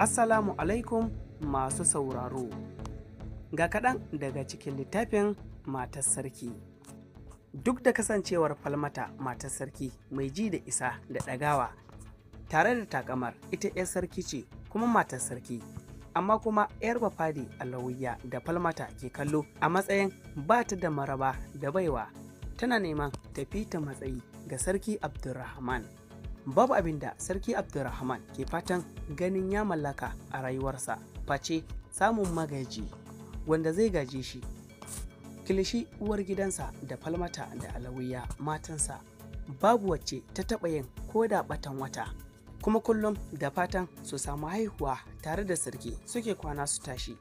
Assalamu alaikum masu sauraro. Ga kaɗan daga cikin littafin matar sarki. Duk da kasancewar falmata matar sarki mai ji da isa da ɗagawa, tare da takamar ita 'yar sarki ce kuma matar sarki. Amma kuma 'yar a lauya da falmata ke kallo a matsayin ba ta da maraba da baiwa tana neman tafi ta matsayi ga sarki Abdulrahman. babu abin da sarki abdulrahman ke fatan ganin ya mallaka a rayuwarsa face samun magaji wanda zai gaje shi kilishi uwar gidansa da falmata da alawiya matansa babu wacce ta taɓa yin ko da ɓatan wata kuma kullum da fatan su samu haihuwa tare da sarki suke kwana su tashi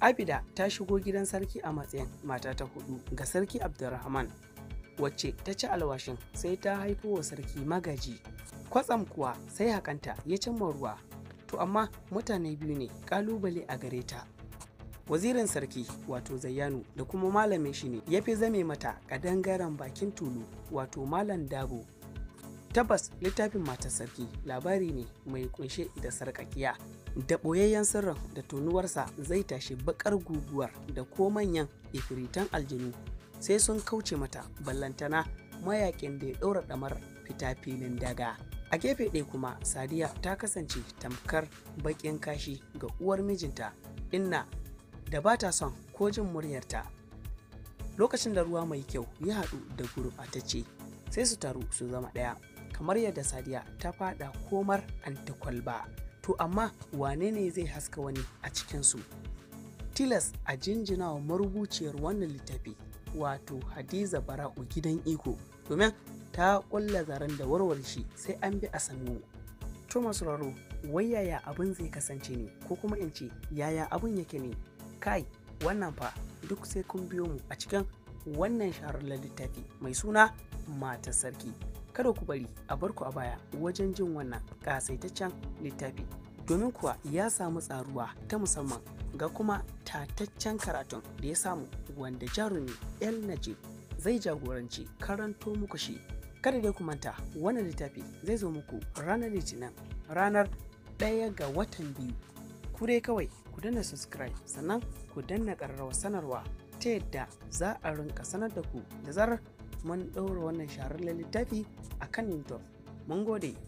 abida ta shigo gidan sarki a matsayin mata ta hudu ga sarki abdulrahman wacce ta ci alwashin sai ta haifo wa sarki magaji kwatsam kuwa sai hakanta ya cimma ruwa to amma mutane biyu ne kalubale a gare ta wazirin sarki wato zayyanu da kuma malamin shi ne ya fi zame mata kadangaren bakin tulu wato malam dabo tabbas littafin matar sarki labari ne mai kunshe da sarkakiya da ɓoyayyen sirrin da tonuwarsa zai tashi bakar guguwar da ko manyan ifiritan aljinu sai sun kauce mata ballantana mayakin da ya daura ɗamar fita filin daga a gefe ɗaya kuma sadiya ta kasance tamkar baƙin kashi ga uwar mijinta inna da ba ta son ko jin muryarta lokacin da ruwa mai kyau ya haɗu da gurɓatacce sai su taru su zama ɗaya kamar yadda sadiya ta faɗa komar antikwalba to amma wane ne zai haska wani a cikinsu tilas a jinjina wa marubuciyar wannan littafi wato hadiza bara'u gidan iko domin ta kulla zaren da warware shi sai an bi a sannu thomas raro wai yaya abin zai kasance ne ko kuma in ce yaya abin yake ne kai wannan fa duk sai kun biyo mu a cikin wannan shahararren littafi mai suna matar sarki kada ku bari a barku a baya wajen jin wannan kasaitaccen littafi domin kuwa ya samu tsaruwa ta musamman ga kuma tataccen karatun da ya samu wanda jarumi el najib zai jagoranci karanto muku shi kada dai ku manta wannan littafi zai zo muku ranar litinin ranar ɗaya ga watan biyu ku dai kawai ku danna subscribe sannan ku danna ƙararrawar sanarwa ta yadda za a rinka sanar da ku da zarar mun ɗaura wannan shahararren littafi a kan youtube mun gode